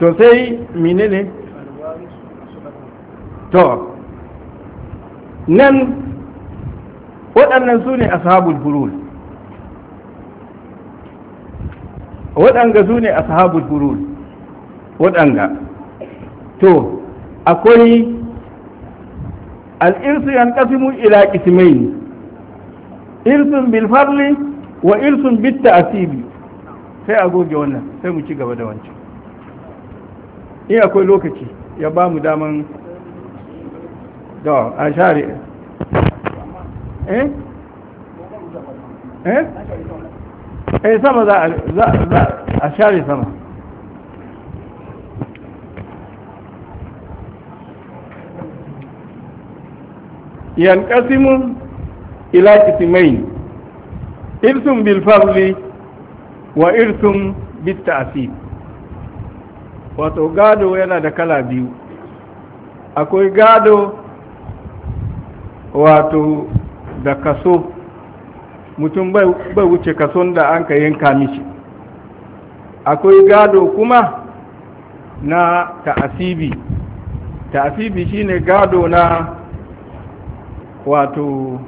to sai menene to nan waɗannan su ne ashabul burul waɗanga su ne ashabul burul waɗanga to akwai al'irsu yan ƙasimu ila ƙisimaini irsun bilfarli wa irsun bitta asibi sai a goge wannan sai mu ci gaba da wancan in akwai lokaci ya ba mu daman da a share eh eh eh sama za a share sama kasimu ila kitimai irsun bilfarli wa irsun bitta'asir wato gado yana da kala biyu akwai gado wato da kaso mutum bai wuce kason da an ka yanka mishi akwai gado kuma na ta'asibi ta'asibi shine gado na wato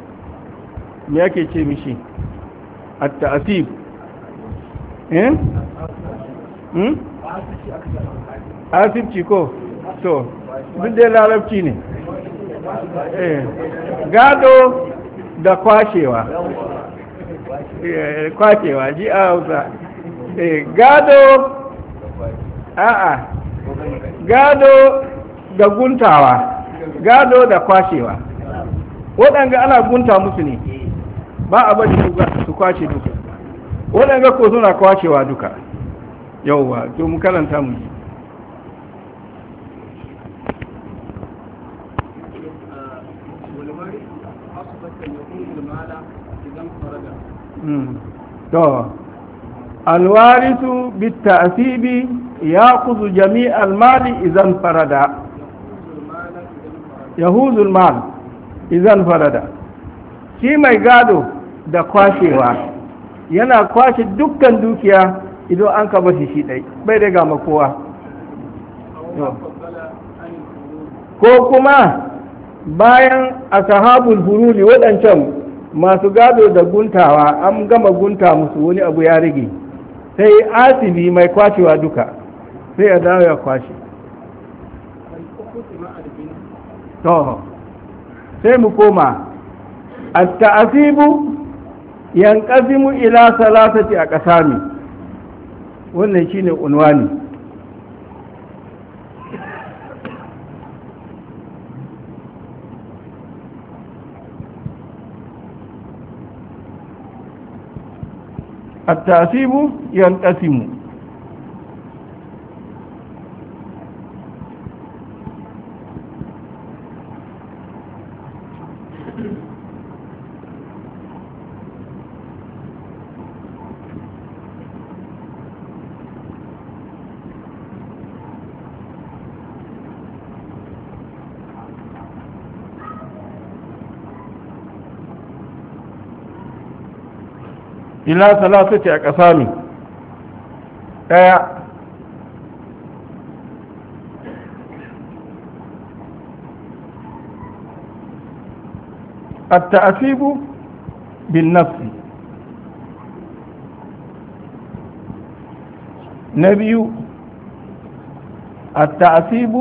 me ake ce mishi a ta'asib eh Hmm? asibci ko to duk da larabci ne eh, gado da kwashewa eh, kwashewa ji a hausa eh, gado a'a gado da guntawa gado da kwashewa waɗanga ana gunta musu ne ba a bari su kwashe duka waɗanga ko suna kwashewa duka yauwa to mu karanta mu ji hmm. to alwarisu bittasibi yaquzu jami' almali idan farada yahuzu almal idan farada shi mai gado da kwashewa yana kwashe dukkan dukiya ido an ka bashi shi ɗai bai daga ga kowa ko kuma bayan a sahabul buruli waɗancan masu gado da guntawa an gama gunta musu wani abu ya rage sai asibi mai kwashewa duka sai a dawo ya kwashe sai mu koma a ta'asibu yankasimu ila salasati a ƙasami wannan shi ne unwani a ƙasimu ila salasati a ƙasami ɗaya biyu بالنفس نبي التأثيب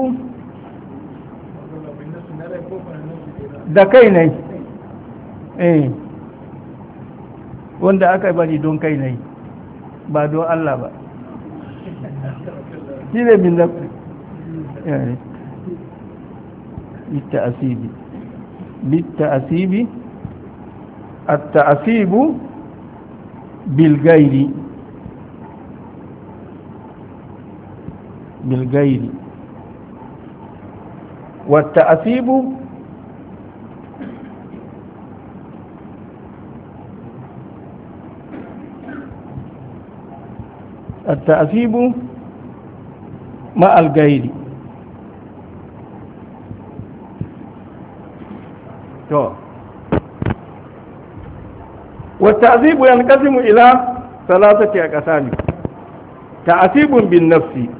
دكيني ايه wanda aka bari don kai na yi ba don Allah ba shi ne min nafi eh. bitta asibi bitta asibi atta asibu bilgairi bilgairi wata asibu التأثيب مع القيد والتعذيب ينقسم إلى ثلاثة أقسام تعذيب بالنفس